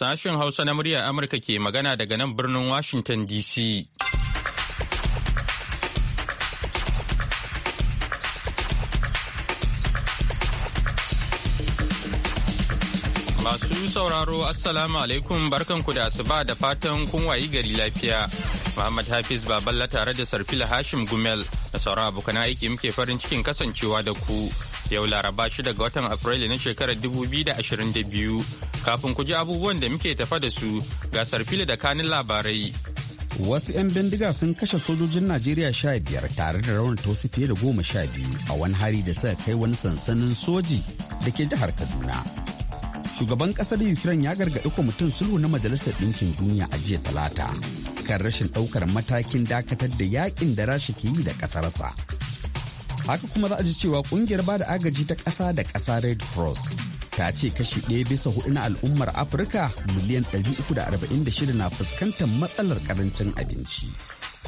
Sashen Hausa na muryar Amurka ke magana daga nan birnin Washington DC. Masu sauraro Assalamu alaikum barkanku da asuba da fatan kun wayi gari lafiya. Muhammad Hafiz Baballa tare da Sarfila Hashim Gumel da sauran abokan aiki muke farin cikin kasancewa da ku. yau laraba 6 ga watan Afrilu na shekarar 2022 kafin ku ji abubuwan da muke tafa da su gasar fili da kanin labarai. Wasu 'yan bindiga sun kashe sojojin Najeriya sha biyar tare da rawan wasu fiye da goma sha biyu a wani hari da suka kai wani sansanin soji da ke jihar Kaduna. Shugaban kasar Ukraine ya gargaɗi kwamitin sulhu na Majalisar Ɗinkin Duniya a jiya Talata kan rashin ɗaukar matakin dakatar da yaƙin da Rasha ke yi da ƙasarsa. haka kuma za a ji cewa kungiyar bada agaji ta ƙasa da ƙasa red cross ta ce kashi ɗaya bisa hudu na al'ummar afirka miliyan 346 na fuskantar matsalar karancin abinci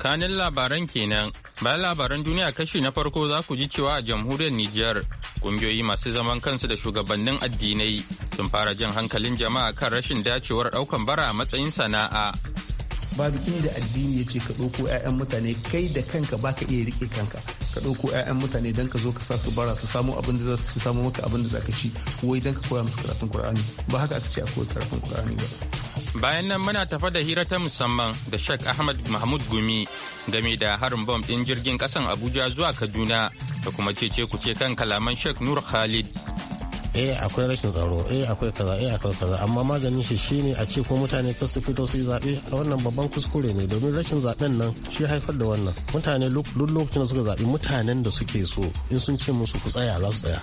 kanin labaran kenan bayan labaran duniya kashi na farko za ku ji cewa a jamhuriyar niger kungiyoyi masu zaman kansu da shugabannin addinai sun fara jan hankalin jama'a kan rashin dacewar ɗaukan bara a matsayin sana'a babu inda addini ya ce ka ɗauko 'ya'yan mutane kai da kanka ba ka iya riƙe kanka ka ɗauko 'ya'yan mutane don ka zo ka sa su bara su samu abin da za su samu maka abin da za ka ci wai don ka koya musu karatun Kur'ani ba haka aka ce a koya karatun Kur'ani ba. Bayan nan muna tafa da hira ta musamman da Sheikh Ahmad Mahmud Gumi game da harin bom ɗin jirgin ƙasan Abuja zuwa Kaduna da kuma cece kuce kan kalaman Sheikh Nur Khalid eh akwai rashin tsaro eh akwai kaza eh akwai kaza amma maganin shi shine a ce ko mutane kar su fito su yi zaɓe a wannan babban kuskure ne domin rashin zaɓen nan shi haifar da wannan mutane duk lokacin da suka zaɓi mutanen da suke so in sun ce musu ku tsaya za su tsaya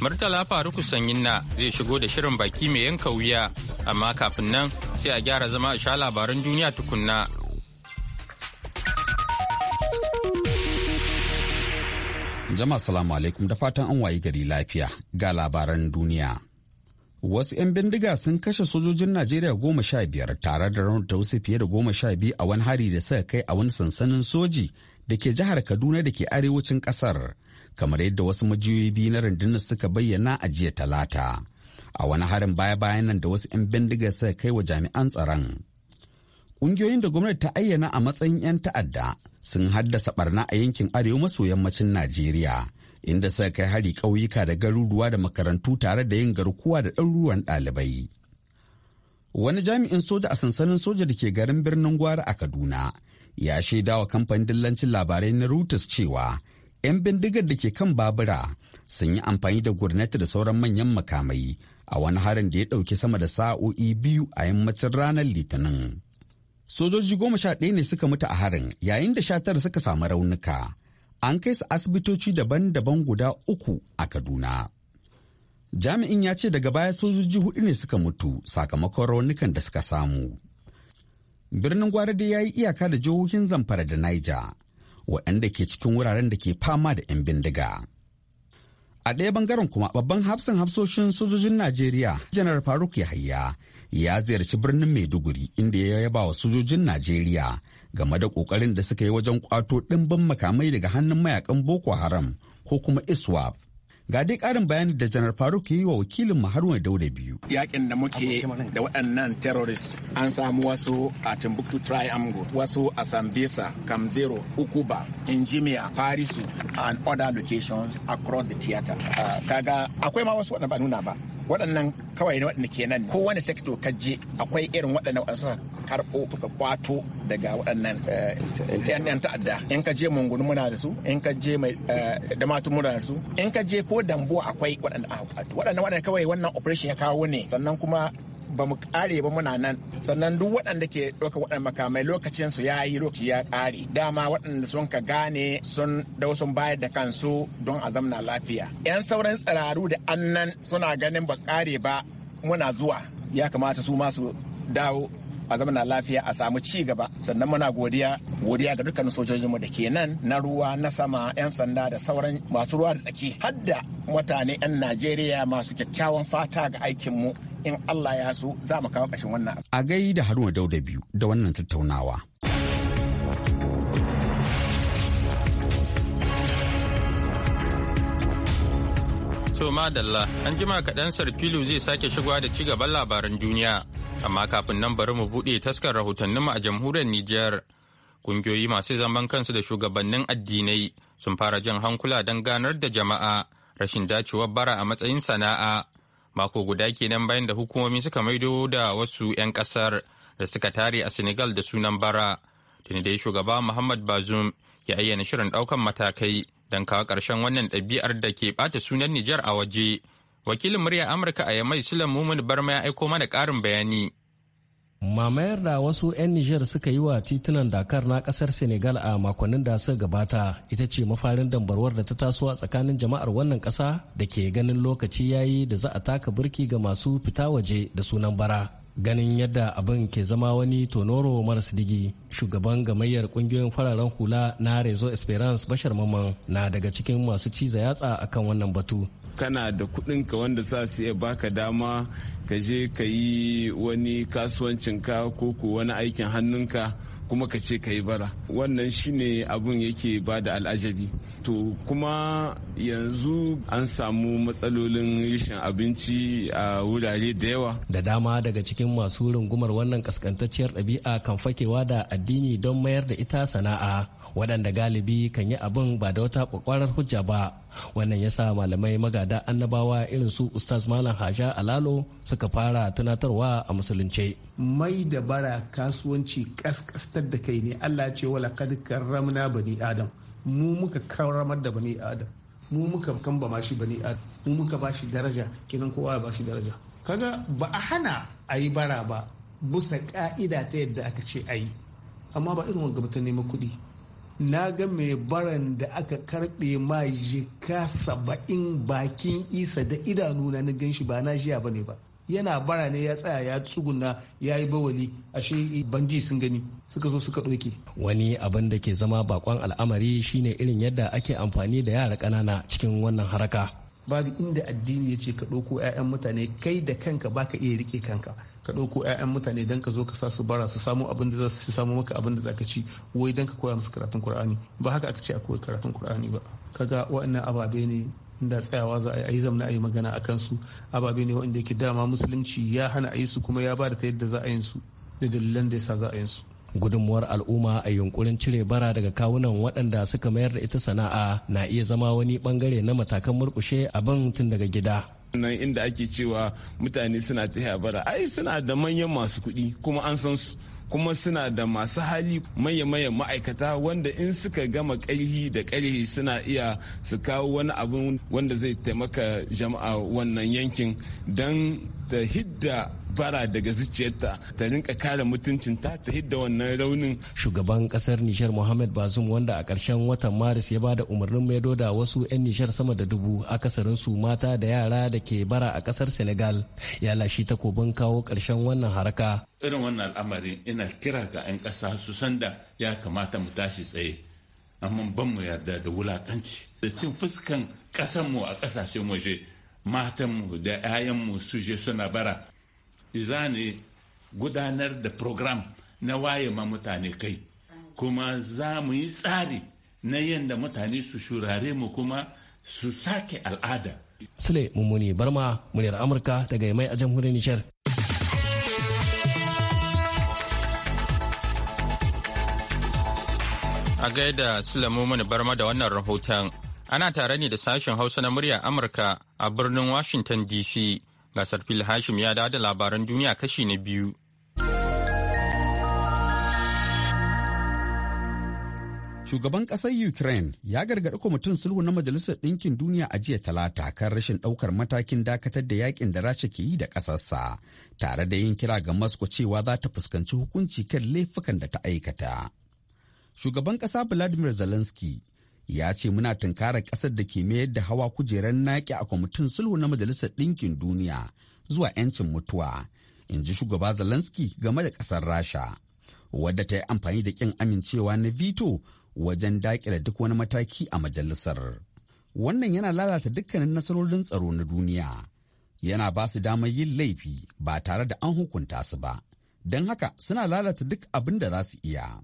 Murtala Faruku Sanyinna zai shigo da shirin baki mai yanka wuya amma kafin nan sai a gyara zama a sha labaran duniya tukunna Jama'a salamu alaikum da fatan an wayi gari lafiya ga labaran duniya. Wasu 'yan bindiga sun kashe sojojin Najeriya goma sha biyar tare da raunta wasu fiye da goma sha biyu a wani hari da suka kai a wani sansanin soji da ke jihar Kaduna da ke arewacin kasar, kamar yadda wasu majiyoyi biyu na rundunar suka bayyana a jiya talata. A wani harin baya-bayan nan da wasu 'yan bindiga suka kai wa jami'an tsaron. Ƙungiyoyin da gwamnati ta ayyana a matsayin 'yan ta'adda sun haddasa barna a yankin arewa maso yammacin Najeriya, inda suka kai hari ƙauyuka da garuruwa da makarantu tare da yin garkuwa da ɗaruruwan ɗalibai. Wani jami'in soja a sansanin soja da ke garin birnin Gwara a Kaduna ya shaidawa kamfanin dillancin labarai na Reuters cewa 'yan bindigar da ke kan babura sun yi amfani da gurnati da sauran manyan makamai a wani harin da ya ɗauki sama da sa'o'i biyu a yammacin ranar litinin sojoji goma sha ɗaya ne suka mutu a harin yayin da sha tara suka samu raunuka an kai su asibitoci daban-daban guda uku a kaduna jami'in ya ce daga baya sojoji hudu ne suka mutu sakamakon raunukan da suka samu birnin gwarada ya yi iyaka da jihohin zamfara da Naija. waɗanda ke cikin wuraren da ke fama da 'yan bindiga a ɗaya bangaren kuma babban hafsan hafsoshin sojojin najeriya janar faruk yahaya ya ziyarci birnin maiduguri inda ya yaba wa sojojin najeriya game da ƙoƙarin da suka yi wajen ƙwato ɗimbin makamai daga hannun mayakan boko haram ko kuma iswap ga dai karin bayani da janar faruk yi wa wakilin haruna dauda biyu yakin da muke da waɗannan terrorist an samu wasu a timbuktu triangle wasu a sambisa kamzero ukuba injimiya parisu and other locations across the theater uh, kaga akwai ma wasu waɗanda ba nuna ba waɗannan kawai ne waɗanda ke nan kowane sekto ka je akwai irin waɗannan waɗanda suka karɓo suka kwato daga waɗannan eh, yan ta'adda in ka je mungunu muna da su in ka je mai eh, matu muna da su in ka je ko dambo akwai waɗanda aka kwato waɗannan waɗanda kawai wannan operation ya kawo ne sannan kuma ba mu kare ba muna nan sannan duk waɗanda ke ɗauka waɗannan makamai lokacin su ya yayi lokaci ya kare dama waɗanda sun ka gane sun dausun sun bayar da kansu don a zamna lafiya yan sauran tsiraru da annan suna ganin ba kare ba muna zuwa ya kamata su masu dawo a zamana lafiya a samu ci gaba sannan muna godiya godiya ga dukkanin sojojinmu da ke nan na ruwa na sama 'yan sanda da sauran masu ruwa da tsaki hadda mutane 'yan najeriya masu kyakkyawan fata ga aikin mu. in Allah ya so za mu kawo ƙashin wannan a gai da haruna dauda biyu da wannan tattaunawa To madalla an jima kaɗan sarfilu zai sake shigowa da ci gaban labaran duniya amma kafin nan bari mu buɗe taskar rahotannin mu a jamhuriyar Nijar. Kungiyoyi masu zaman kansu da shugabannin addinai sun fara jan hankula don ganar da jama'a rashin dacewar bara a matsayin sana'a mako guda kenan bayan da hukumomi suka maido da wasu 'yan kasar da suka tare a senegal da sunan bara tuni dai shugaba muhammad bazum ya ayyana shirin daukan matakai don kawo ƙarshen wannan ɗabi'ar da ke bata sunan nijar a waje wakilin murya amurka a yamai sulan mumun barma ya aiko mana ƙarin bayani mamayar da wasu 'yan niger suka yi wa titunan dakar na kasar senegal a makonnin da suka gabata ita ce mafarin dambarwar da ta taso a tsakanin jama'ar wannan ƙasa da ke ganin lokaci yayi da za a taka burki ga masu fita waje da sunan bara ganin yadda abin ke zama wani tonoro maras digi shugaban gamayyar kungiyoyin fararen hula na rezo esperance bashar maman na daga cikin masu ciza yatsa akan wannan batu kana da kuɗinka wanda sa su iya baka dama ka je ka yi wani kasuwancinka ko ko wani aikin hannunka kuma ka ce ka yi bara wannan shine abun yake ba da al'ajabi to kuma yanzu an samu matsalolin rishin abinci a wurare da yawa da dama daga cikin masu rungumar wannan kaskantacciyar ɗabi'a kan fakewa da addini don mayar da ita sana'a waɗanda galibi kan yi abin ba da wata ƙwaƙwarar hujja ba wannan ya sa malamai magada annabawa irin su ustaz malam haja alalo suka fara tunatarwa a musulunce mai da bara kasuwanci kaskastar da kai ne allah ce wala kad karramna bani adam mu muka karramar da bani adam mu muka kamba shi bani adam mu muka ba shi daraja kenan kowa ba shi daraja kaga ba a hana a yi bara ba bisa ka'ida ta yadda aka ce a yi amma ba irin wanga ta neman kuɗi na ga mai baran da aka karɓe ma jika saba'in bakin isa da idanu na na ganshi ba na jiya ba ne ba yana bara ne ya tsaya ya tsuguna ya yi bawali ashe eh, banji sun gani suka zo suka ɗauke. wani abin da ke zama bakon al'amari shine irin yadda ake amfani da yara ƙanana cikin wannan haraka babu inda addini ya ce ka ɗauko 'ya'yan mutane kai da kanka baka iya rike kanka ka ɗauko 'ya'yan mutane don ka zo ka sa su bara su samu abin da za su samu maka abin da za ka ci wai don ka koya musu karatun kur'ani ba haka aka ce a koyi karatun kur'ani ba ka ga waɗannan ababe ne inda tsayawa za a yi zamna a yi magana a kansu ababe ne waɗanda yake dama musulunci ya hana a yi su kuma ya ba da ta yadda za a yin su da dalilan da yasa za a yin su gudunmuwar al'umma a yunkurin cire bara daga kawunan waɗanda suka mayar da ita sana'a na iya zama wani bangare na matakan murkushe abin tun daga gida nan inda ake cewa mutane suna ta yabara ai suna da manyan masu kuɗi kuma an san su kuma suna da masu hali manya-manyan ma'aikata wanda in suka gama ƙarhi da ƙarhi suna iya su kawo wani abin wanda zai taimaka jama'a wannan yankin don ta hidda bara daga zuciyarta ta rinka kare mutuncinta ta hidda wannan raunin shugaban kasar nishar mohammed bazum wanda a ƙarshen watan maris ya bada umarnin maido da wasu 'yan nishar sama da dubu akasarin su mata da yara da ke bara a ƙasar senegal ya lashi takobin kawo ƙarshen wannan haraka irin wannan al'amarin ina kira ga 'yan ƙasa su sanda ya kamata mu tashi tsaye amma ban mu yarda da wulakanci da cin fuskan kasanmu a kasashen waje matanmu da 'ya'yanmu su je suna bara za ne gudanar da program na waye ma mutane kai kuma za mu yi tsari na yadda mutane su shurare mu kuma su sake al'ada. Sule Mummuni Barma, muryar Amurka daga mai a jamhuriyar Nishar. A gaida Sule Mummuni Barma da wannan rahoton, ana tare ne da sashen Hausa na muryar Amurka a birnin Washington DC. Gasar Fil Hashim ya dawo da labaran duniya kashi na biyu. Shugaban ƙasar Ukraine ya gargaɗi kwamitin sulhu na Majalisar Ɗinkin Duniya a jiya talata kan rashin ɗaukar matakin dakatar da yakin da Rasha ke yi da ƙasarsa, tare da yin kira ga Moscow cewa za ta fuskanci hukunci kan laifukan da ta aikata. Shugaban ƙasa Vladimir Zelensky ya ce muna tunkarar ƙasar da ke mayar da hawa kujerar naki a kwamitin sulhu na majalisar ɗinkin duniya zuwa 'yancin mutuwa in ji shugaba Zalanski game da ƙasar rasha wadda ta yi amfani da ƙin amincewa na Vito wajen daƙile duk wani mataki a majalisar wannan yana lalata dukkanin nasarorin tsaro na duniya yana ba su damar yin laifi ba tare da an hukunta su ba don haka suna lalata duk abin da za su iya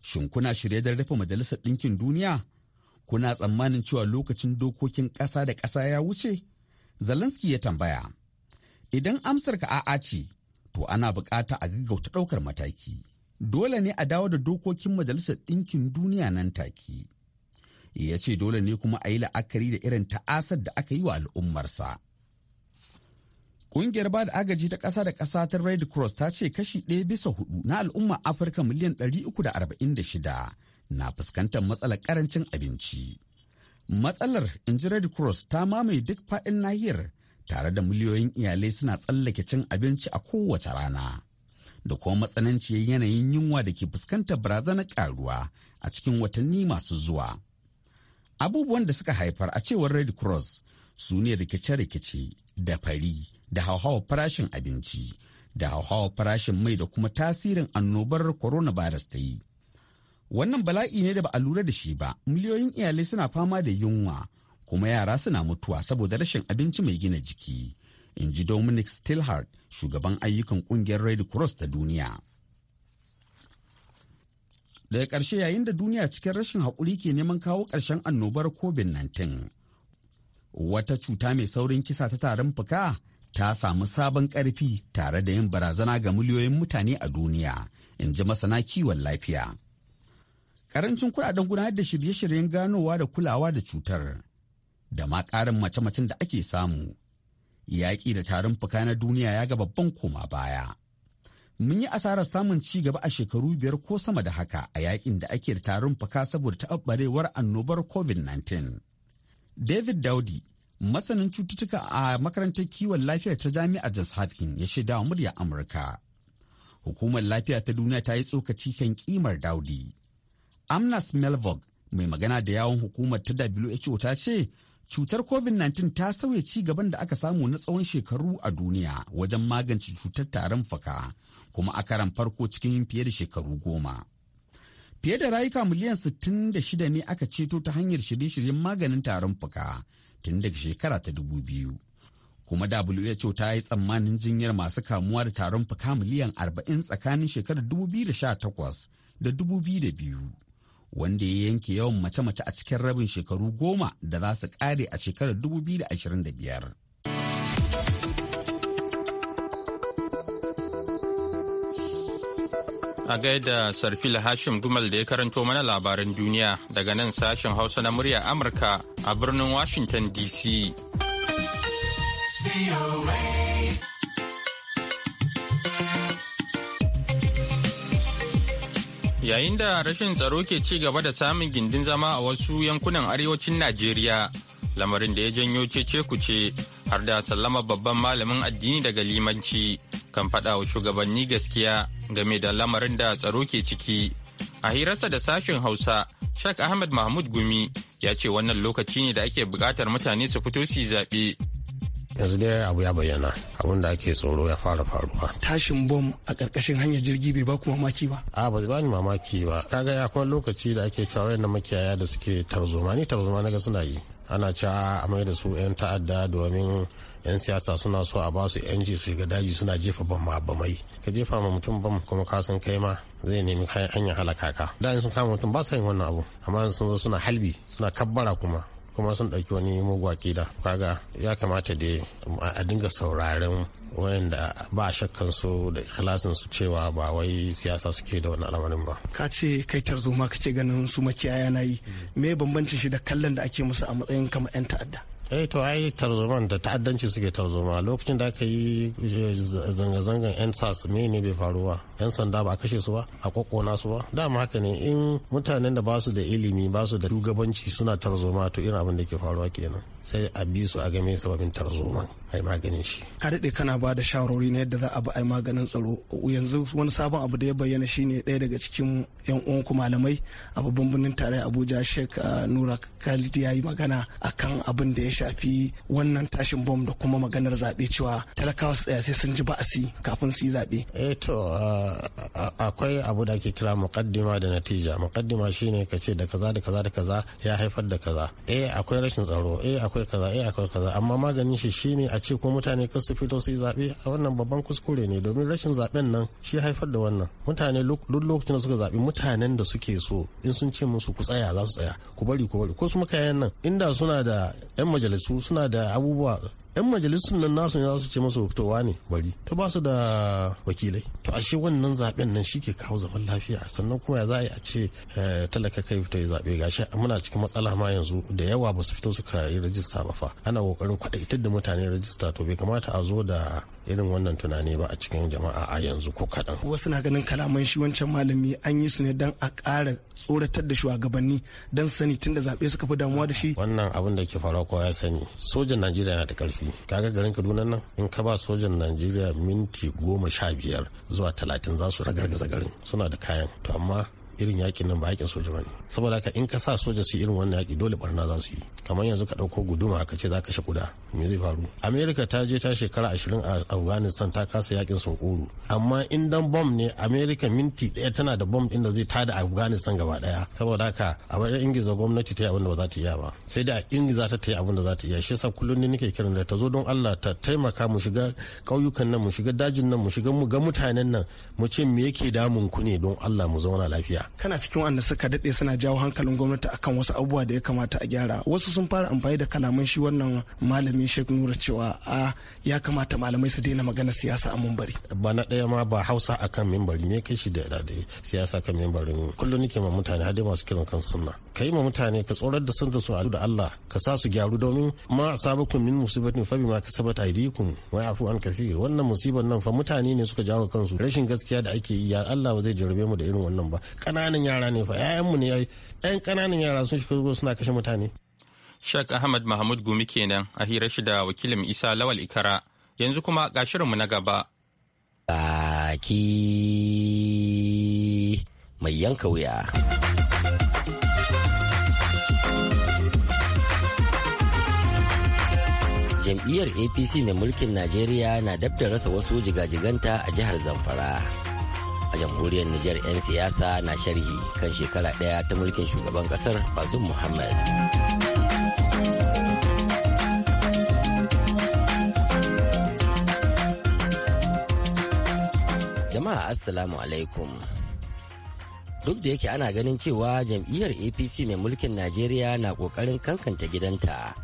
shin kuna shirye don rufe majalisar ɗinkin duniya kuna tsammanin cewa lokacin dokokin ƙasa da ƙasa ya wuce? Zelensky ya tambaya. Idan amsar ka a'a ce, to ana bukata a gaggauta ɗaukar mataki. Dole ne a dawo da dokokin Majalisar Ɗinkin Duniya nan take. Ya ce dole ne kuma a yi la'akari da irin ta'asar da aka yi wa al'ummarsa. Ƙungiyar ba da agaji ta ƙasa da ƙasa ta Red Cross ta ce kashi ɗaya bisa hudu na al'ummar Afirka miliyan ɗari uku da da arba'in shida. na fuskantar matsalar karancin abinci. Matsalar inji Red Cross ta mamaye duk faɗin nahiyar tare da miliyoyin iyalai suna tsallake cin abinci a kowace rana. Da kuma matsananci yanayin yunwa da ke fuskantar barazanar karuwa a cikin watanni masu zuwa. Abubuwan da suka haifar a cewar Red Cross su ne rikice-rikice da fari da hauhawar farashin abinci da hauhawa farashin mai da kuma tasirin annobar coronavirus ta yi Wannan bala'i ne da ba a lura da shi ba, miliyoyin iyalai suna fama da yunwa, kuma yara suna mutuwa saboda rashin abinci mai gina jiki. In ji Dominic Stillhart, shugaban ayyukan kungiyar Red Cross ta duniya. Daga ƙarshe yayin da duniya cikin rashin haƙuri ke neman kawo ƙarshen annobar COVID-19. Wata cuta mai saurin kisa ta tarin fuka ta samu sabon ƙarfi tare da yin barazana ga miliyoyin mutane a duniya, in ji masana kiwon lafiya. karancin kudaden gudanar da shirye-shiryen ganowa da kulawa da cutar da ma karin mace-macen da ake samu yaƙi da tarin fuka na duniya ya ga babban koma baya mun yi asarar samun ci gaba a shekaru biyar ko sama da haka a yaƙin da ake da tarin fuka saboda taɓarewar annobar covid-19 david daudi masanin cututtuka a makarantar kiwon lafiya ta jami'ar jos hopkins ya shaida wa murya amurka hukumar lafiya ta duniya ta yi tsokaci kan kimar daudi Amnas Melvog mai magana da yawon hukumar ta WHO ta ce cutar COVID-19 ta sauya ci gaban da aka samu na tsawon shekaru a duniya wajen magance cutar tarin faka kuma a karan farko cikin fiye da shekaru goma. Fiye da rayuka miliyan 66 ne aka ceto ta hanyar shirye-shiryen maganin tarin fuka tun daga shekara ta 2000. Kuma WHO ta yi tsammanin jinyar masu kamuwa da tarin fuka miliyan 40 tsakanin shekarar 2018 da 2002. wanda ya yanke yawan mace-mace a cikin rabin shekaru goma da za su kare a shekarar 2025. A gaida Sarfil Hashim Gumal da ya karanto mana labaran duniya daga nan sashen Hausa na murya Amurka a birnin Washington DC. Yayin da rashin tsaro ke ci gaba da samun gindin zama a wasu yankunan arewacin Najeriya, lamarin da ya janyo cece kuce har da sallama babban malamin addini daga limanci kan faɗa wa shugabanni gaskiya game da lamarin da tsaro ke ciki. A hirarsa da sashen Hausa, Sheikh Ahmad Mahmud Gumi ya ce wannan lokaci ne da ake buƙatar mutane su fito su zaɓe yanzu dai abu ya bayyana abin da ake tsoro ya fara faruwa tashin bom a karkashin hanyar jirgi bai ku mamaki ba a ba ba ni mamaki ba kaga kwan lokaci da ake cewa na makiyaya da suke tarzoma ni tarzoma naga suna yi ana cewa a mai da su 'yan ta'adda domin 'yan siyasa suna so a ba su 'yanci su ga daji suna jefa bom ma bamai ka jefa ma mutum bom kuma ka san kai ma zai nemi hanyar halaka ka da sun kama mutum ba sa yin wannan abu amma sun zo suna halbi suna kabbara kuma kuma sun ɗauki wani mugu da kaga ya kamata dai a dinga sauraren wayanda ba shakkan su da ikhlasin su cewa ba wai siyasa suke da wani al'amarin ba ka ce kai tarzoma ka ce ganin su makiyaya na yi me bambancin shi da kallon da ake musu a matsayin kama 'yan ta'adda eh to ai tarzoman da ta'addanci suke tarzoma lokacin da aka yi eh, zanga-zangan yan sas me ne bai faru ba yan sanda ba a kashe su ba a kokona su ba dama haka ne in mutanen da basu da ilimi basu da shugabanci suna tarzoma to irin abin da ke faruwa kenan sai a bi su a game sababin tarzoman a yi maganin shi. Ka daɗe kana ba da shawarwari na yadda za a bi a yi maganin tsaro. Yanzu wani sabon abu da ya bayyana shi ne ɗaya daga cikin 'yan uwanku malamai a babban birnin tarayya Abuja Sheikh uh, Nura Khalid ya yi magana akan abin da ya shafi wannan tashin bom da kuma maganar zaɓe cewa talakawa su tsaya sai sun ji ba'asi kafin su yi zaɓe. Eh to uh, akwai abu da ake kira muƙaddima da natija. shi ne ka ce da kaza da kaza da kaza ya haifar da kaza. Eh akwai rashin tsaro, eh akwai kaza, eh akwai kaza amma maganin shi ne a ce ko mutane kar su fito su yi zaɓe a wannan babban kuskure ne domin rashin zaɓen nan shi haifar da wannan mutane duk lokacin da suka zaɓi mutanen da suke so in sun ce musu ku tsaya za su tsaya ku bari ku bari ko su makayan nan inda suna da yan majalisu suna da abubuwa yan majalisun nan nasu ne za su ce masa fitowa ne bari to ba su da wakilai to ashe wannan zaben nan shi ke kawo zaman lafiya sannan kuma ya za a yi a ce eh, talaka kai fito ya zaɓe gashi muna cikin matsala ma yanzu da yawa ba su fito suka yi rajista ba fa ana kokarin kwaɗaitar da mutane rajista to bai kamata a zo da irin wannan tunani ba a cikin jama'a a yanzu ko kaɗan. Wasu na ganin kalaman shi wancan malami an yi su ne don a ƙara tsoratar da shugabanni don sani tun da zaɓe suka fi damuwa da shi. Wannan abin da ke faruwa kowa ya sani sojan Najeriya na da ƙarfi kaga garin Kaduna nan in ka ba sojan Najeriya minti goma sha biyar zuwa talatin za su ragargaza garin suna da kayan to amma irin yakin nan ba yakin soja bane saboda haka in ka sa soja su irin wannan yaki dole barna za su yi kamar yanzu ka dauko guduma ka ce za ka shi kuda me zai faru Amerika ta je ta shekara 20 a afghanistan ta kasa yakin sunkuru amma in dan bom ne Amerika minti daya tana da bom din da zai tada afghanistan gaba daya saboda haka a bar ingiza gwamnati ta yi abin da ba za ta iya ba sai da ingiza ta ta yi abin da za ta iya shi yasa kullum ne nake kiran da ta zo don Allah ta taimaka mu shiga kauyukan nan mu shiga dajin nan mu shiga mu ga mutanen nan mu ce me yake damun ku ne don Allah mu zauna lafiya kana cikin wanda suka daɗe suna jawo hankalin gwamnati akan wasu abubuwa da ya kamata a gyara wasu sun fara amfani da kalaman shi wannan malamin sheikh nura cewa a ya kamata malamai su daina magana siyasa a mumbari ba na ɗaya ma ba hausa akan mimbari ne kai shi da siyasa kan mimbarin kullum nake ma mutane har dai masu kiran kan sunna ka yi ma mutane ka tsorar da sun da su da Allah ka sa su gyaru domin ma sabakun min musibatin fa bima kasabat aydikum wa yafu an kaseer wannan musibar nan fa mutane ne suka jawo kansu rashin gaskiya da ake yi ya Allah ba zai jarabe mu da irin wannan ba kana ƙananan yara ne fa 'ya'yanmu ne yayi ƙananan yara sun shiga suna kashe mutane Sheikh Ahmad Mahmud Gumi kenan a hira shi da wakilin Isa Lawal Ikara yanzu kuma ga shirinmu na gaba baki mai yanka wuya jam'iyyar apc mai mulkin najeriya na dab da rasa wasu jigajiganta a jihar zamfara a jamhuriyar Nijar 'yan siyasa na sharhi kan shekara ɗaya ta mulkin shugaban ƙasar Bazum Muhammad. Jama'a Assalamu alaikum. Duk da yake ana ganin cewa jam'iyyar APC mai mulkin Najeriya na ƙoƙarin kankanta gidanta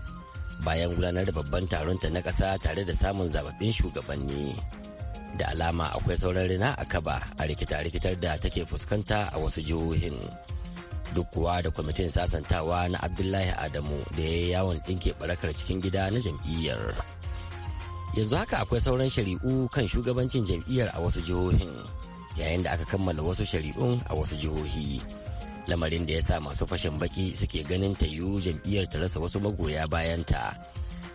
bayan gudanar da babban taron ta na ƙasa tare da samun zababbin shugabanni. da alama akwai sauran rina a kaba a rikita-rikitar da take fuskanta a wasu jihohin duk kuwa da kwamitin sasantawa na abdullahi adamu da ya yi yawon ɗinke barakar cikin gida na jam'iyyar yanzu haka akwai sauran shari'u kan shugabancin jam'iyyar a wasu jihohin yayin da aka kammala wasu shari'un a wasu jihohi lamarin da ya sa masu fashin baki suke ganin ta yiwu jam'iyyar ta rasa wasu magoya bayanta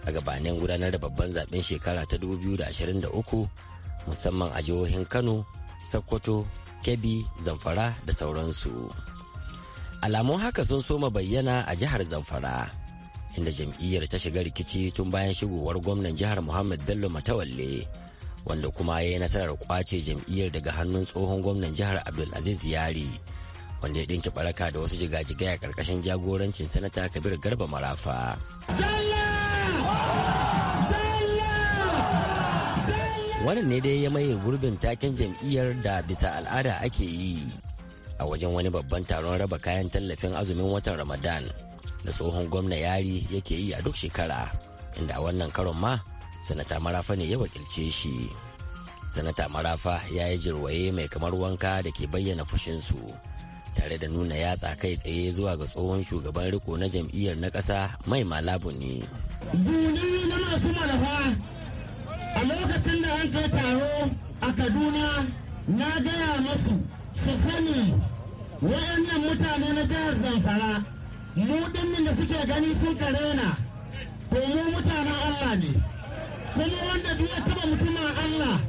a gabanin gudanar da babban zaben shekara ta 2023 musamman a jihohin Kano, Sokoto, Kebbi, Zamfara da sauransu. Alamun haka sun soma bayyana a jihar Zamfara, inda jam'iyyar ta shiga rikici tun bayan shigowar gwamnan jihar Muhammad Bello Matawalle, wanda kuma ya yi nasarar kwace jam'iyyar daga hannun tsohon gwamnan jihar Abdulaziz Yari. wanda ya ɗinki baraka da wasu jigajigai a ƙarƙashin jagorancin sanata kabir garba marafa. Jalla! wannan ne dai ya maye gurbin taken jam'iyyar da bisa al'ada ake yi a wajen wani babban taron raba kayan tallafin azumin watan ramadan da tsohon gwamna yari yake yi a duk shekara inda a wannan karon ma sanata marafa ne ya wakilce shi sanata marafa ya yi jirwaye mai kamar wanka da ke bayyana fushinsu tare da nuna yatsa kai tsaye zuwa ga tsohon shugaban riko na jam'iyyar na ƙasa mai malabu ne. lokacin da an kai taro a kaduna na gaya masu su sani wayannan mutane na jihar zamfara mu dinnin da suke gani sun karena to mu mutanen allah ne kuma wanda duk ya taba mutumin allah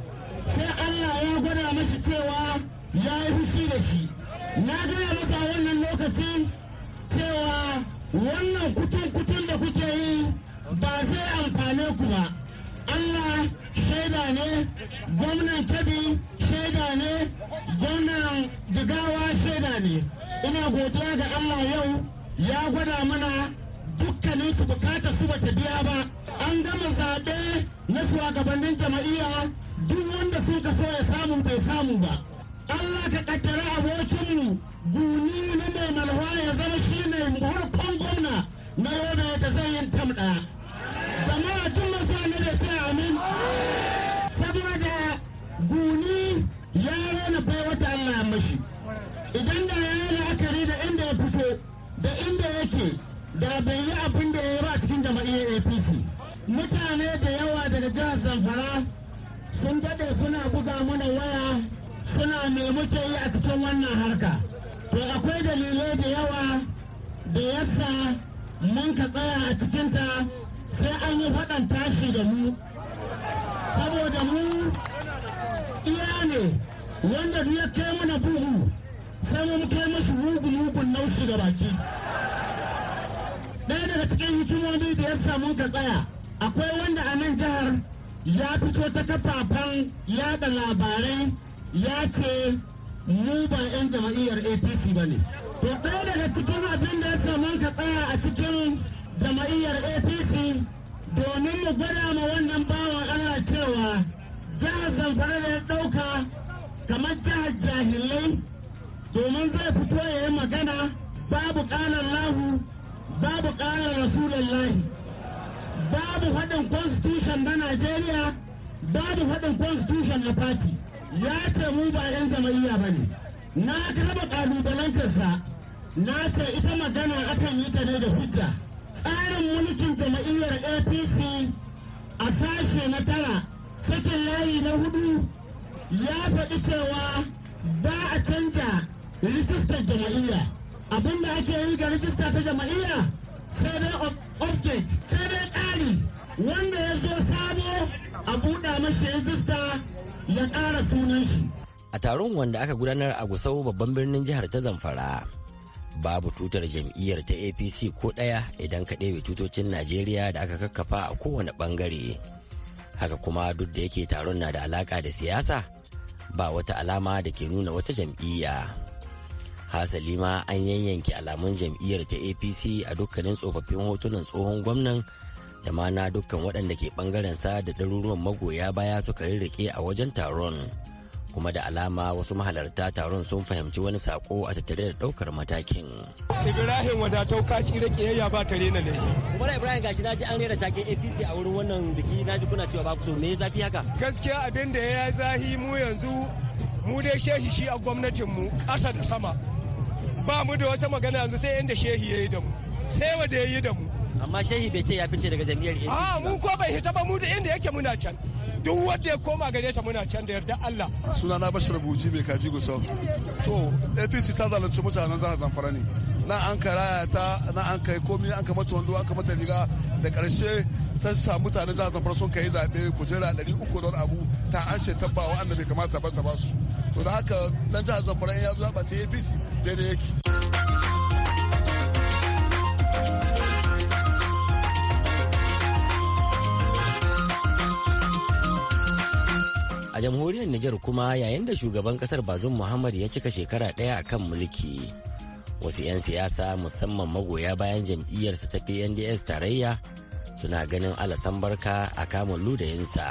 sai allah ya gwada mashi cewa ya yi fushi da shi na gaya masa wannan lokacin cewa wannan kutun-kutun da kuke yi ba zai amfane ku ba Allah shaida ne gwamnan Kebbi shaida ne gwamnan Jigawa shaida ne ina godiya ga Allah yau ya gwada mana dukkanin su bukata su bata biya ba an gama zaɓe na shugabannin jama'iyya duk wanda suka so ya samu bai samu ba Allah ka kaddara abokinmu guni na mai malwa ya zama shi ne gwamna na yau da ya ta zai yin tamɗa jama'a buni ya rana bai wata Allah mashi idan da ya yi la'akari da inda ya fito da inda yake da bai yi abin da ya yi ba cikin jama'iyyar apc mutane da yawa daga jihar zamfara sun dade suna buga mana waya suna mai muke yi a cikin wannan harka to akwai dalilai da yawa da yasa mun ka tsaya a cikinta sai an yi faɗan tashi da mu saboda mu wanda ni ya kai mana bugu sai mun kai masu bugu mugun naushi ga baki ɗaya daga cikin hikimomi da ya samu ka tsaya akwai wanda a nan jihar ya fito ta kafafen yada labarai ya ce mu ba 'yan jama'iyyar apc ba ne to ɗaya daga cikin abin da ya samu ka tsaya a cikin jama'iyyar apc domin mu gwada ma wannan bawan allah cewa jihar zamfara da ya ɗauka kamar jihar jahilai domin zai fito ya yi magana babu ƙalar lahu babu ƙalar rasulallahi babu haɗin constitution na najeriya babu haɗin constitution na party ya ce mu ba 'yan jama'iyya ba ne na taɓa ƙalubalantarsa na ce ita magana akan yi ta ne da hujja tsarin mulkin jama'iyyar apc a sashe na tara sakin layi na hudu ya faɗi cewa ba a canza rijistar jama'iyya abin da ake yi ga rijista ta jama'iyya sai dai object sai dai ƙari wanda ya zo sabo a buɗa mashi rijista ya ƙara sunan shi a taron wanda aka gudanar a gusau babban birnin jihar ta zamfara babu tutar jam'iyyar ta apc ko ɗaya idan ka ɗebe tutocin najeriya da aka kakkafa a kowane ɓangare haka kuma duk da yake taron na da alaƙa da siyasa ba wata alama da ke nuna wata jam'iyya hasali ma an yanyanke alamun jam'iyyar ta apc a dukkanin tsofaffin hotunan tsohon gwamnan da ma na dukkan waɗanda ke ɓangaren sa da ɗaruruwan magoya baya suka rirriƙe a wajen taron. kuma da alama wasu mahalarta taron sun fahimci wani sako a tattare da daukar matakin. Ibrahim wadatau ka ke kiyayya ba tare na ne. da Ibrahim gashi na ji an rera take APC a wurin wannan biki na ji kuna cewa ba ku so me zafi haka. Gaskiya abin da ya zahi mu yanzu mu dai shehi shi a gwamnatin mu ƙasa da sama. Ba mu da wata magana yanzu sai inda shehi ya yi da mu. Sai wanda ya yi da mu. Amma shehi bai ce ya fice daga jam'iyyar APC. Ah mu ko bai hita ba mu da inda yake muna can. duk wanda ya koma gare ta muna can da yarda Allah suna na bashir buji mai kaji gusau to apc ta zalunci mutanen jihar zamfara ne na an ka ta na an kai komi an ka mata wando an ka mata riga da karshe ta sa mutanen jihar zamfara sun kai zaɓe kujera ɗari uku don abu ta an ce tabba wa'anda bai kamata ba ta ba su to da haka dan jihar zamfara ya zo ba ta apc daidai yake. jamhuriyar Nijar kuma yayin da shugaban kasar Bazum Muhammad ya cika shekara ɗaya akan mulki. Wasu 'yan siyasa musamman magoya bayan jam'iyyarsa ta PNDS tarayya suna ganin alasan barka a kamun ludayinsa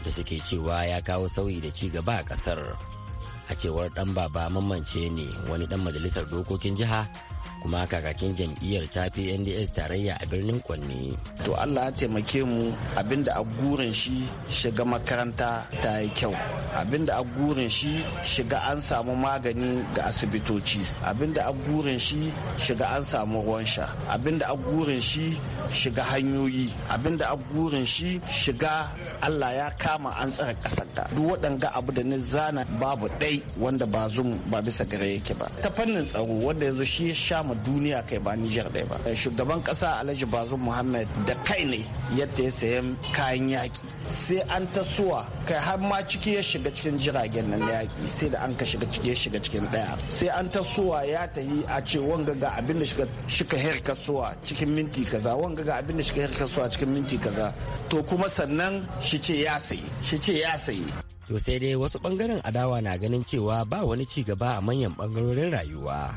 da suke cewa ya kawo sauyi da ci gaba a kasar. a cewar dan baba mamance ne wani dan majalisar dokokin jiha kuma kakakin jam'iyyar ta nds tarayya a birnin kwanne to allah ya taimake mu abinda a gurin shi shiga makaranta ta yi kyau abinda a gurin shi shiga an samu magani ga asibitoci abinda a gurin shi shiga an samu ruwan sha abinda a gurin shi shiga hanyoyi abinda a gurin shi shiga allah ya kama an tsara kasanta duk waɗanga abu da ni zana babu ɗaya kai wanda ba zum ba bisa gare yake ba ta fannin tsaro wanda yanzu shi ya sha ma duniya kai ba Niger dai ba shugaban kasa Alhaji Bazum Muhammad da kai ne yadda ya sayan kayan yaki sai an tasowa kai har ma ciki ya shiga cikin jiragen nan yaki sai da an ka shiga ciki ya shiga cikin daya sai an tasowa ya tahi a ce wanga ga abin da shiga shika herkasuwa cikin minti kaza wanga ga abin da shiga herkasuwa cikin minti kaza to kuma sannan shi ce ya sayi shi ce ya sayi To sai dai wasu bangaren adawa na ganin cewa ba wani ci gaba a manyan bangarorin rayuwa.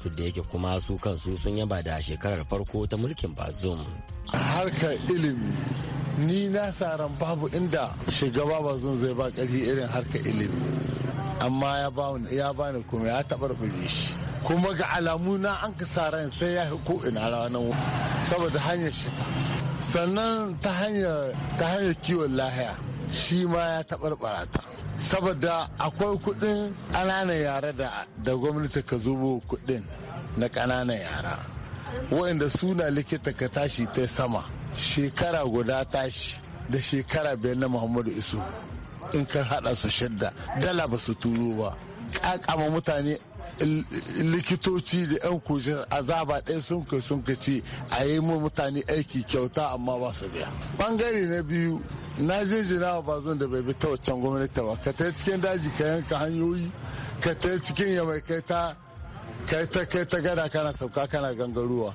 Duk da yake kuma su kansu sun yaba da shekarar farko ta mulkin Bazum. A harkar ilimi ni na saran babu inda shugaba Bazum zai ba ƙarfi irin harkar ilimi. Amma ya bani kuma ya taɓarɓare shi. kuma ga alamu na an ka saran sai ya ko ina ranar saboda hanyar shi sannan ta hanyar kiwon lahiya shi ma ya taɓarɓara ta saboda akwai kuɗin ƙananan yara da gwamnati ka zubo kuɗin na ƙananan yara waɗanda suna likita ka tashi ta sama shekara guda tashi da shekara biyar na muhammadu isu in ka haɗa su shidda dala ba su turo ba ƙaƙama mutane likitoci da 'yan kujin azaba ɗaya sun ka sun ka ce a yi mu mutane aiki kyauta amma ba su biya bangare na biyu na jinjina wa bazon da bai bi ta waccan gwamnati ba ka ta cikin daji ka yanka hanyoyi ka ta cikin yamai kai ta kai ta kai ta gada kana sauka kana gangaruwa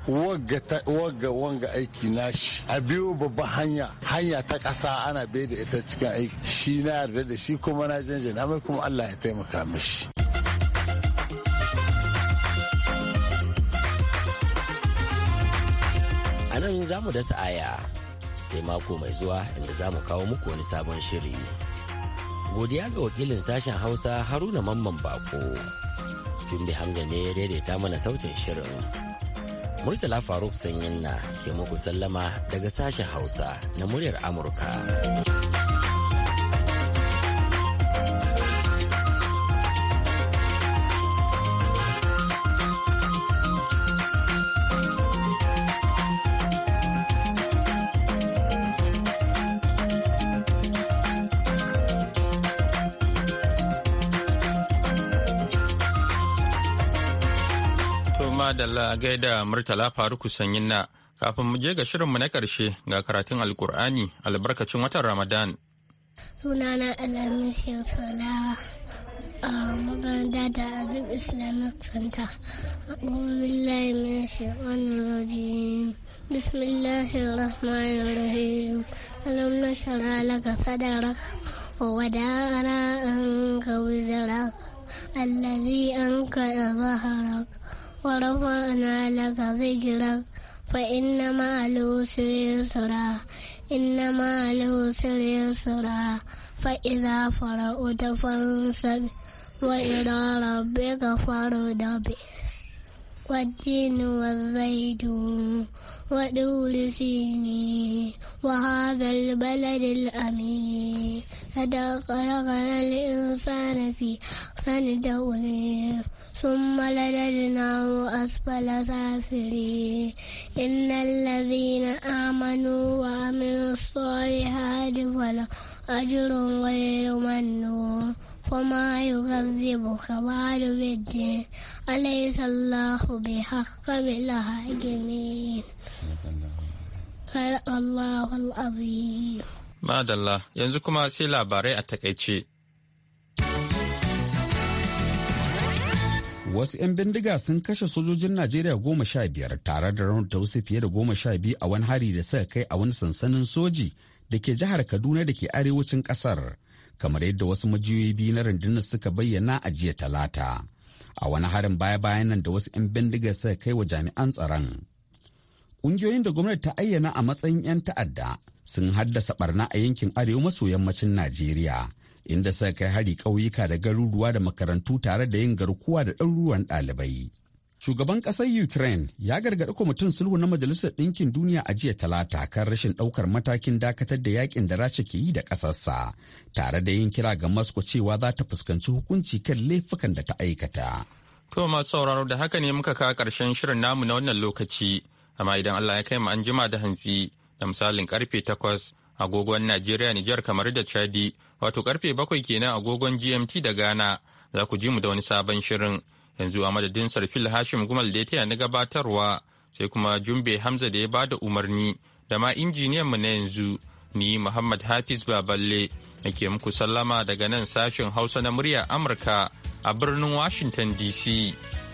wagga wanga aiki nashi a biyo babban hanya hanya ta ƙasa ana bai da ita cikin aiki shi na yarda da shi kuma na jinjina mai kuma Allah ya taimaka mishi a nan za mu dasa aya sai mako mai zuwa inda za mu kawo muku wani sabon shiri godiya ga wakilin sashen hausa haruna mamman bako jumbi hamza ne ya daidaita mana sautin shirin murtala faruk sanyin ke muku sallama daga sashen hausa na muryar amurka madalla gaida murtala faruku sanyin kafin mu je ga shirinmu na ƙarshe ga karatun alkur'ani albarkacin watan ramadan sunana alhamis yin falawa a makaranta da azim islamic center Abubuwan min shaitanir rajim bismillahir rahmanir rahim alam shara laka sadrak wa wada'ana anka wizrak الذي أنكر ظهرك ورفعنا لك ذكرك فإن مع العسر يسرا إن مع العسر يسرا فإذا فرغت فانصب وإلى ربك فارغب والتين والزيتون ودور سيني وهذا البلد الأمين لقد خلقنا الإنسان في أحسن تقويم ثم لددناه أسفل سافلين إن الذين آمنوا وعملوا الصالحات فلهم أجر غير ممنون وما يكذبك بعد بالدين أليس الله بحكم الحاكمين صدق الله العظيم madalla yanzu kuma sai labarai a takaice wasu 'yan bindiga sun kashe sojojin najeriya goma sha biyar tare da ta wasu fiye da goma sha biyu a wani hari da suka kai a wani sansanin soji da ke jihar kaduna da ke arewacin kasar kamar yadda wasu majiyoyi biyu na rundunar suka bayyana a jiya talata a wani harin baya-bayan nan da wasu 'yan bindiga suka kai wa jami'an tsaron ƙungiyoyin da gwamnati ta ayyana a matsayin 'yan ta'adda sun haddasa barna a yankin arewa maso yammacin najeriya inda suka kai hari ƙauyuka da garuruwa da makarantu tare da yin garkuwa da ɗaruruwan ɗalibai. Shugaban ƙasar Ukraine ya gargaɗi kwamitin sulhu na Majalisar Ɗinkin Duniya a jiya talata kan rashin ɗaukar matakin dakatar da yakin da Rasha ke yi da ƙasarsa, tare da yin kira ga Moscow cewa za ta fuskanci hukunci kan laifukan da ta aikata. To masu sauraro da haka ne muka kawo ƙarshen shirin namu na wannan lokaci, amma idan Allah ya kai mu an jima da hantsi da misalin karfe takwas agogon Najeriya Nijar kamar da Chadi wato karfe bakwai kenan agogon GMT da Ghana za ku ji mu da wani sabon shirin yanzu a madadin Sarfil Hashim Gumal da ya na gabatarwa sai kuma Jumbe Hamza da ya ba da umarni da ma injiniyan mu na yanzu ni Muhammad Hafiz Baballe nake muku sallama daga nan sashen Hausa na murya Amurka a birnin Washington DC.